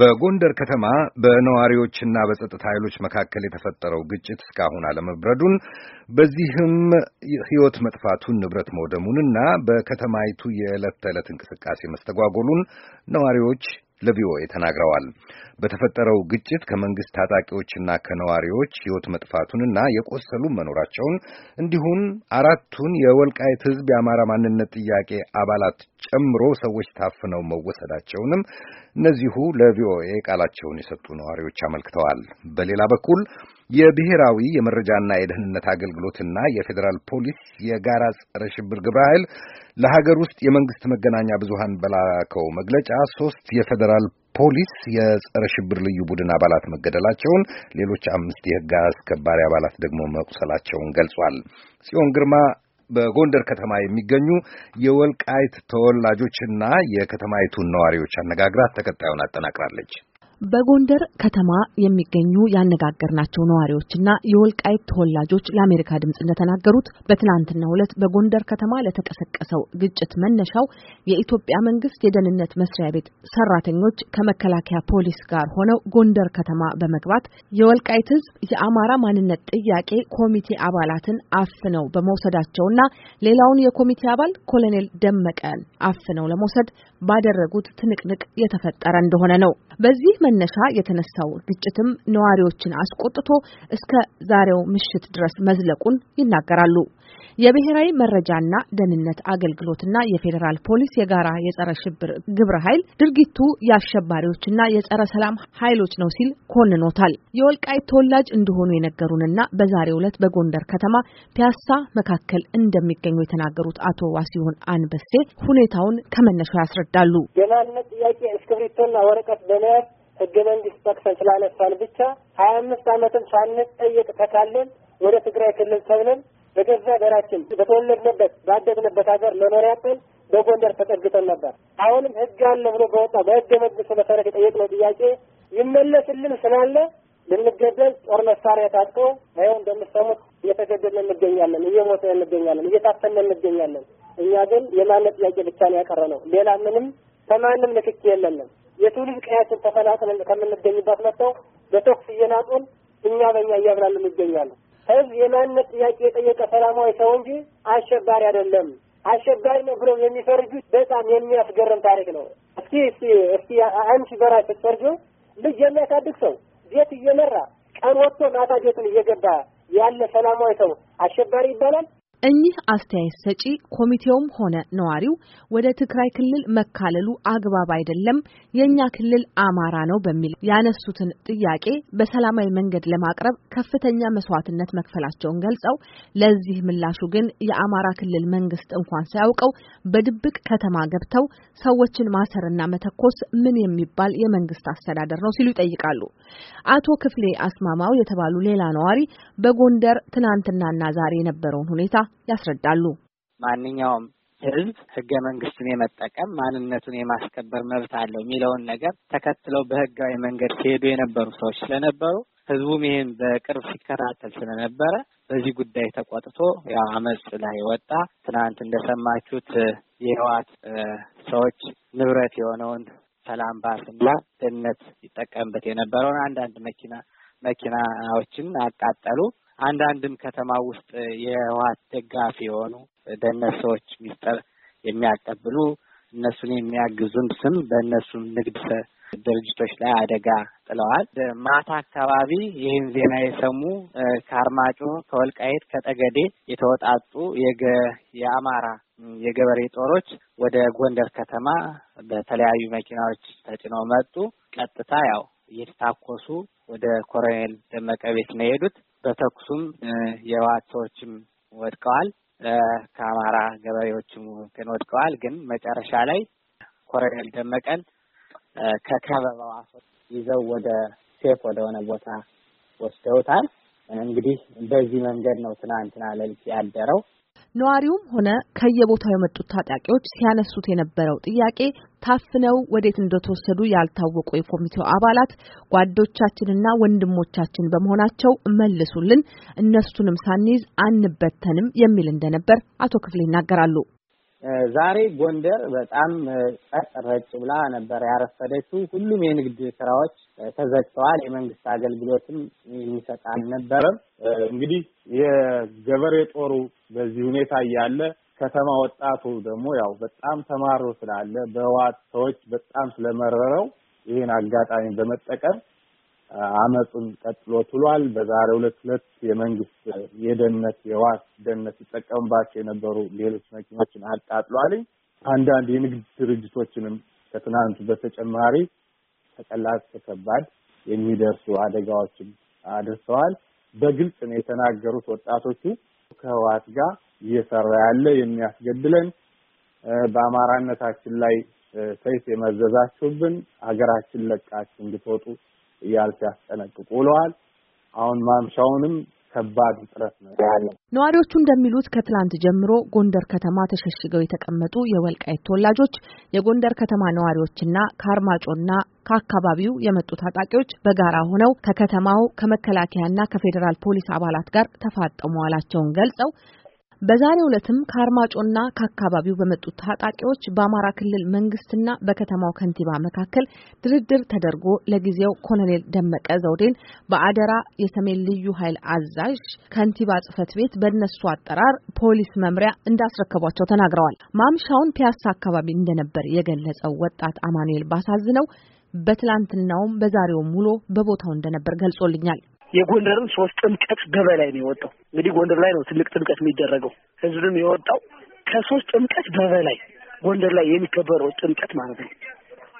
በጎንደር ከተማ በነዋሪዎችና በጸጥታ ኃይሎች መካከል የተፈጠረው ግጭት እስካሁን አለመብረዱን በዚህም ሕይወት መጥፋቱን ንብረት መውደሙንና በከተማይቱ የዕለት ተዕለት እንቅስቃሴ መስተጓጎሉን ነዋሪዎች ለቪኦኤ ተናግረዋል። በተፈጠረው ግጭት ከመንግስት ታጣቂዎችና ከነዋሪዎች ሕይወት መጥፋቱንና የቆሰሉ መኖራቸውን እንዲሁም አራቱን የወልቃይት ሕዝብ የአማራ ማንነት ጥያቄ አባላት ጨምሮ ሰዎች ታፍነው መወሰዳቸውንም እነዚሁ ለቪኦኤ ቃላቸውን የሰጡ ነዋሪዎች አመልክተዋል። በሌላ በኩል የብሔራዊ የመረጃና የደህንነት አገልግሎትና የፌዴራል ፖሊስ የጋራ ጸረ ሽብር ግብረ ኃይል ለሀገር ውስጥ የመንግስት መገናኛ ብዙሃን በላከው መግለጫ ሶስት የፌዴራል ፖሊስ የጸረ ሽብር ልዩ ቡድን አባላት መገደላቸውን፣ ሌሎች አምስት የህግ አስከባሪ አባላት ደግሞ መቁሰላቸውን ገልጿል። ጽዮን ግርማ በጎንደር ከተማ የሚገኙ የወልቃይት ተወላጆችና የከተማይቱን ነዋሪዎች አነጋግራት ተከታዩን አጠናቅራለች። በጎንደር ከተማ የሚገኙ ያነጋገርናቸው ነዋሪዎችና የወልቃይት ተወላጆች ለአሜሪካ ድምፅ እንደተናገሩት በትናንትናው ዕለት በጎንደር ከተማ ለተቀሰቀሰው ግጭት መነሻው የኢትዮጵያ መንግስት የደህንነት መስሪያ ቤት ሰራተኞች ከመከላከያ ፖሊስ ጋር ሆነው ጎንደር ከተማ በመግባት የወልቃይት ህዝብ የአማራ ማንነት ጥያቄ ኮሚቴ አባላትን አፍነው በመውሰዳቸውና ሌላውን የኮሚቴ አባል ኮሎኔል ደመቀን አፍነው ለመውሰድ ባደረጉት ትንቅንቅ የተፈጠረ እንደሆነ ነው። በዚህ መነሻ የተነሳው ግጭትም ነዋሪዎችን አስቆጥቶ እስከ ዛሬው ምሽት ድረስ መዝለቁን ይናገራሉ። የብሔራዊ መረጃና ደህንነት አገልግሎትና የፌዴራል ፖሊስ የጋራ የጸረ ሽብር ግብረ ኃይል ድርጊቱ የአሸባሪዎችና የጸረ ሰላም ኃይሎች ነው ሲል ኮንኖታል። የወልቃይት ተወላጅ እንደሆኑ የነገሩንና በዛሬው ዕለት በጎንደር ከተማ ፒያሳ መካከል እንደሚገኙ የተናገሩት አቶ ዋሲሁን አንበሴ ሁኔታውን ከመነሻው ያስረዳሉ። ገናነት ጥያቄ እስክሪብቶና ወረቀት በመያዝ ህገ መንግስት ጠቅሰን ስላነሳን ብቻ ሀያ አምስት አመትም ሳንጠየቅ ተካለን ወደ ትግራይ ክልል ተብለን በገዛ ሀገራችን በተወለድንበት ባደግንበት ሀገር መኖር ያጠን በጎንደር ተጠግተን ነበር። አሁንም ህግ አለ ብሎ በወጣ በህገ መንግስቱ መሰረት የጠየቅነው ጥያቄ ይመለስልን ስላለ ልንገደል ጦር መሳሪያ ታጥቆ ይኸው እንደምሰሙት እየተገደልን እንገኛለን፣ እየሞተ እንገኛለን፣ እየታፈነ እንገኛለን። እኛ ግን የማንነት ጥያቄ ብቻ ነው ያቀረ ነው። ሌላ ምንም ከማንም ንክኪ የለንም። የትውልድ ቀያችን ተፈናቅለን ከምንገኝበት መጥተው በተኩስ እየናጡን እኛ በእኛ እያብላሉ ይገኛሉ። ህዝብ የማንነት ጥያቄ የጠየቀ ሰላማዊ ሰው እንጂ አሸባሪ አይደለም። አሸባሪ ነው ብለው የሚፈርጁት በጣም የሚያስገርም ታሪክ ነው። እስኪ እስኪ እስኪ አንቺ በራሽ ስትፈርጁ ልጅ የሚያሳድግ ሰው ቤት እየመራ ቀን ወጥቶ ማታ ቤቱን እየገባ ያለ ሰላማዊ ሰው አሸባሪ ይባላል? እኚህ አስተያየት ሰጪ ኮሚቴውም ሆነ ነዋሪው ወደ ትግራይ ክልል መካለሉ አግባብ አይደለም፣ የእኛ ክልል አማራ ነው በሚል ያነሱትን ጥያቄ በሰላማዊ መንገድ ለማቅረብ ከፍተኛ መስዋዕትነት መክፈላቸውን ገልጸው ለዚህ ምላሹ ግን የአማራ ክልል መንግስት እንኳን ሳያውቀው በድብቅ ከተማ ገብተው ሰዎችን ማሰርና መተኮስ ምን የሚባል የመንግስት አስተዳደር ነው ሲሉ ይጠይቃሉ። አቶ ክፍሌ አስማማው የተባሉ ሌላ ነዋሪ በጎንደር ትናንትናና ዛሬ የነበረውን ሁኔታ ያስረዳሉ። ማንኛውም ህዝብ ህገ መንግስቱን የመጠቀም ማንነቱን የማስከበር መብት አለው የሚለውን ነገር ተከትለው በህጋዊ መንገድ ሲሄዱ የነበሩ ሰዎች ስለነበሩ ህዝቡም ይህን በቅርብ ሲከታተል ስለነበረ በዚህ ጉዳይ ተቆጥቶ ያው አመፅ ላይ ወጣ። ትናንት እንደሰማችሁት የህዋት ሰዎች ንብረት የሆነውን ሰላም ባስና ደህንነት ይጠቀምበት የነበረውን አንዳንድ መኪና መኪናዎችን አቃጠሉ። አንዳንድም ከተማ ውስጥ የህወሓት ደጋፊ የሆኑ በእነሱ ሰዎች ሚስጠር የሚያቀብሉ እነሱን የሚያግዙን ስም በእነሱ ንግድ ድርጅቶች ላይ አደጋ ጥለዋል። ማታ አካባቢ ይህን ዜና የሰሙ ከአርማጮ፣ ከወልቃይት፣ ከጠገዴ የተወጣጡ የአማራ የገበሬ ጦሮች ወደ ጎንደር ከተማ በተለያዩ መኪናዎች ተጭነው መጡ። ቀጥታ ያው እየተታኮሱ ወደ ኮሎኔል ደመቀ ቤት ነው የሄዱት። በተኩሱም የህወሓት ሰዎችም ወድቀዋል፣ ከአማራ ገበሬዎችም ግን ወድቀዋል። ግን መጨረሻ ላይ ኮሎኔል ደመቀን ከከበባው ይዘው ወደ ሴፍ ወደሆነ ቦታ ወስደውታል። እንግዲህ በዚህ መንገድ ነው ትናንትና ለልጅ ያደረው። ነዋሪውም ሆነ ከየቦታው የመጡት ታጣቂዎች ሲያነሱት የነበረው ጥያቄ ታፍነው ወዴት እንደተወሰዱ ያልታወቁ የኮሚቴው አባላት ጓዶቻችንና ወንድሞቻችን በመሆናቸው መልሱልን፣ እነሱንም ሳንይዝ አንበተንም የሚል እንደነበር አቶ ክፍሌ ይናገራሉ። ዛሬ ጎንደር በጣም ጸጥ ረጭ ብላ ነበር ያረፈደችው። ሁሉም የንግድ ስራዎች ተዘግተዋል። የመንግስት አገልግሎትም የሚሰጥ አልነበረም። እንግዲህ የገበሬ ጦሩ በዚህ ሁኔታ እያለ ከተማ ወጣቱ ደግሞ ያው በጣም ተማሮ ስላለ በህወሓት ሰዎች በጣም ስለመረረው ይህን አጋጣሚ በመጠቀም አመፅም ቀጥሎ ትሏል። በዛሬ ሁለት ሁለት የመንግስት የደህንነት የዋስ ደህንነት ሲጠቀምባቸው የነበሩ ሌሎች መኪኖችን አቃጥሏልኝ። አንዳንድ የንግድ ድርጅቶችንም ከትናንቱ በተጨማሪ ከቀላል ከባድ የሚደርሱ አደጋዎችን አድርሰዋል። በግልጽ ነው የተናገሩት ወጣቶቹ ከህወሓት ጋር እየሰራ ያለ የሚያስገድለን በአማራነታችን ላይ ሰይፍ የመዘዛችሁብን ሀገራችን ለቃችሁ እንድትወጡ እያል ሲያስጠነቅቁ ውለዋል። አሁን ማምሻውንም ከባድ ውጥረት ነው ያለው። ነዋሪዎቹ እንደሚሉት ከትላንት ጀምሮ ጎንደር ከተማ ተሸሽገው የተቀመጡ የወልቃይት ተወላጆች የጎንደር ከተማ ነዋሪዎችና ከአርማጮና ከአካባቢው የመጡ ታጣቂዎች በጋራ ሆነው ከከተማው ከመከላከያና ከፌዴራል ፖሊስ አባላት ጋር ተፋጠሙ መዋላቸውን ገልጸው በዛሬው ዕለትም ከአርማጮና ከአካባቢው በመጡ ታጣቂዎች በአማራ ክልል መንግስትና በከተማው ከንቲባ መካከል ድርድር ተደርጎ ለጊዜው ኮሎኔል ደመቀ ዘውዴን በአደራ የሰሜን ልዩ ኃይል አዛዥ ከንቲባ ጽህፈት ቤት በእነሱ አጠራር ፖሊስ መምሪያ እንዳስረከቧቸው ተናግረዋል። ማምሻውን ፒያሳ አካባቢ እንደነበር የገለጸው ወጣት አማኑኤል ባሳዝነው በትላንትናውም በዛሬውም ውሎ በቦታው እንደነበር ገልጾልኛል። የጎንደርን ሶስት ጥምቀት በበላይ ነው የወጣው። እንግዲህ ጎንደር ላይ ነው ትልቅ ጥምቀት የሚደረገው። ህዝብም የወጣው ከሶስት ጥምቀት በበላይ ጎንደር ላይ የሚከበረው ጥምቀት ማለት ነው።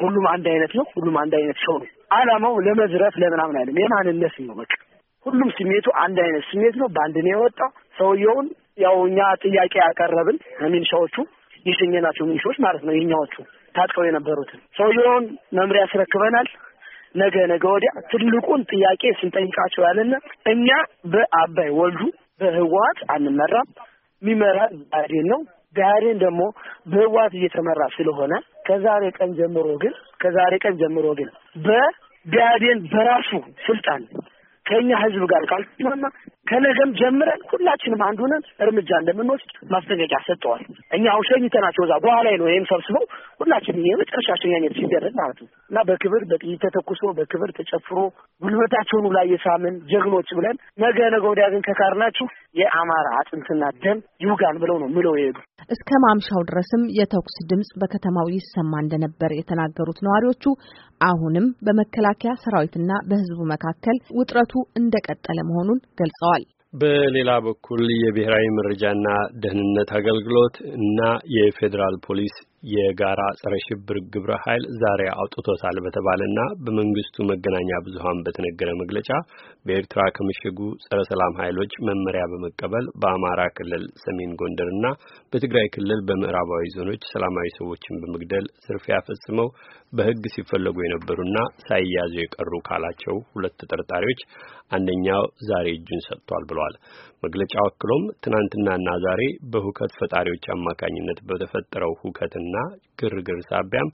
ሁሉም አንድ አይነት ነው። ሁሉም አንድ አይነት ሰው ነው። አላማው ለመዝረፍ ለምናምን አይደለም፣ የማንነት ነው። በቃ ሁሉም ስሜቱ አንድ አይነት ስሜት ነው። በአንድ ነው የወጣው። ሰውየውን ያው እኛ ጥያቄ ያቀረብን ሚኒሻዎቹ የሸኘናቸው ሚኒሻዎች ማለት ነው የኛዎቹ ታጥቀው የነበሩትን ሰውየውን መምሪያ ያስረክበናል። ነገ ነገ ወዲያ ትልቁን ጥያቄ ስንጠይቃቸው ያለና እኛ በአባይ ወልዱ በህወሓት አንመራም። የሚመራን ብአዴን ነው። ብአዴን ደግሞ በህወሓት እየተመራ ስለሆነ ከዛሬ ቀን ጀምሮ ግን ከዛሬ ቀን ጀምሮ ግን በብአዴን በራሱ ስልጣን ከእኛ ህዝብ ጋር ካልተስማማ ከነገም ጀምረን ሁላችንም አንድ ሆነን እርምጃ እንደምንወስድ ማስጠንቀቂያ ሰጥተዋል። እኛ አሁን ሸኝተናቸው እዛ በኋላ ነው ይህም ሰብስበው ሁላችንም የመጨረሻ ሸኛኘት ሲደረግ ማለት ነው እና በክብር በጥይት ተተኩሶ በክብር ተጨፍሮ ጉልበታቸውን ላይ የሳምን ጀግኖች ብለን ነገ ነገ ወዲያ ግን ከካርናችሁ የአማራ አጥንትና ደም ይውጋን ብለው ነው ምለው የሄዱ። እስከ ማምሻው ድረስም የተኩስ ድምጽ በከተማው ይሰማ እንደነበር የተናገሩት ነዋሪዎቹ አሁንም በመከላከያ ሰራዊትና በህዝቡ መካከል ውጥረቱ እንደቀጠለ መሆኑን ገልጸዋል። በሌላ በኩል የብሔራዊ መረጃና ደህንነት አገልግሎት እና የፌዴራል ፖሊስ የጋራ ጸረ ሽብር ግብረ ኃይል ዛሬ አውጥቶታል በተባለና በመንግስቱ መገናኛ ብዙሃን በተነገረ መግለጫ በኤርትራ ከምሽጉ ጸረ ሰላም ኃይሎች መመሪያ በመቀበል በአማራ ክልል ሰሜን ጎንደርና በትግራይ ክልል በምዕራባዊ ዞኖች ሰላማዊ ሰዎችን በመግደል ዝርፊያ ፈጽመው በሕግ ሲፈለጉ የነበሩና ሳይያዙ የቀሩ ካላቸው ሁለት ተጠርጣሪዎች አንደኛው ዛሬ እጁን ሰጥቷል ብለዋል። መግለጫው አክሎም ትናንትናና ዛሬ በሁከት ፈጣሪዎች አማካኝነት በተፈጠረው ሁከትና ግጭትና ግርግር ሳቢያም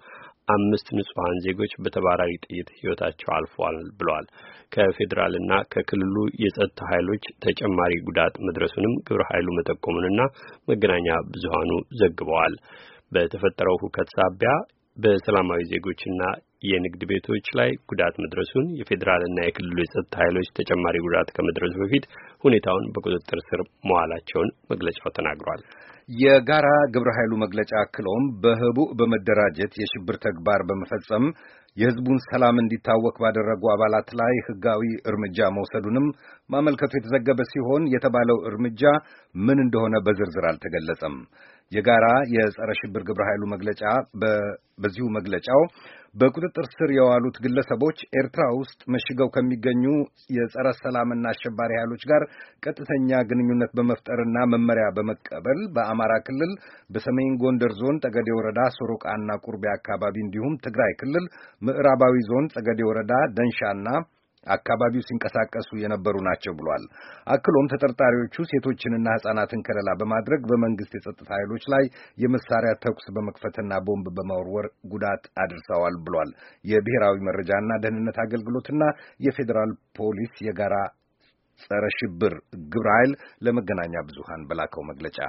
አምስት ንጹሐን ዜጎች በተባራሪ ጥይት ህይወታቸው አልፏል ብለዋል። ከፌዴራልና ከክልሉ የጸጥታ ኃይሎች ተጨማሪ ጉዳት መድረሱንም ግብረ ኃይሉ መጠቆሙንና መገናኛ ብዙሃኑ ዘግበዋል። በተፈጠረው ሁከት ሳቢያ በሰላማዊ ዜጎችና የንግድ ቤቶች ላይ ጉዳት መድረሱን የፌዴራልና የክልሉ የጸጥታ ኃይሎች ተጨማሪ ጉዳት ከመድረሱ በፊት ሁኔታውን በቁጥጥር ስር መዋላቸውን መግለጫው ተናግሯል። የጋራ ግብረ ኃይሉ መግለጫ አክሎም በህቡዕ በመደራጀት የሽብር ተግባር በመፈጸም የህዝቡን ሰላም እንዲታወክ ባደረጉ አባላት ላይ ህጋዊ እርምጃ መውሰዱንም ማመልከቱ የተዘገበ ሲሆን የተባለው እርምጃ ምን እንደሆነ በዝርዝር አልተገለጸም። የጋራ የጸረ ሽብር ግብረ ኃይሉ መግለጫ በዚሁ መግለጫው በቁጥጥር ስር የዋሉት ግለሰቦች ኤርትራ ውስጥ መሽገው ከሚገኙ የጸረ ሰላምና አሸባሪ ኃይሎች ጋር ቀጥተኛ ግንኙነት በመፍጠርና መመሪያ በመቀበል በአማራ ክልል በሰሜን ጎንደር ዞን ጠገዴ ወረዳ ሶሮቃና ቁርቤ አካባቢ እንዲሁም ትግራይ ክልል ምዕራባዊ ዞን ጠገዴ ወረዳ ደንሻና አካባቢው ሲንቀሳቀሱ የነበሩ ናቸው ብሏል። አክሎም ተጠርጣሪዎቹ ሴቶችንና ሕጻናትን ከለላ በማድረግ በመንግስት የጸጥታ ኃይሎች ላይ የመሳሪያ ተኩስ በመክፈትና ቦምብ በመወርወር ጉዳት አድርሰዋል ብሏል። የብሔራዊ መረጃና ደህንነት አገልግሎትና የፌዴራል ፖሊስ የጋራ ጸረ ሽብር ግብረ ኃይል ለመገናኛ ብዙሃን በላከው መግለጫ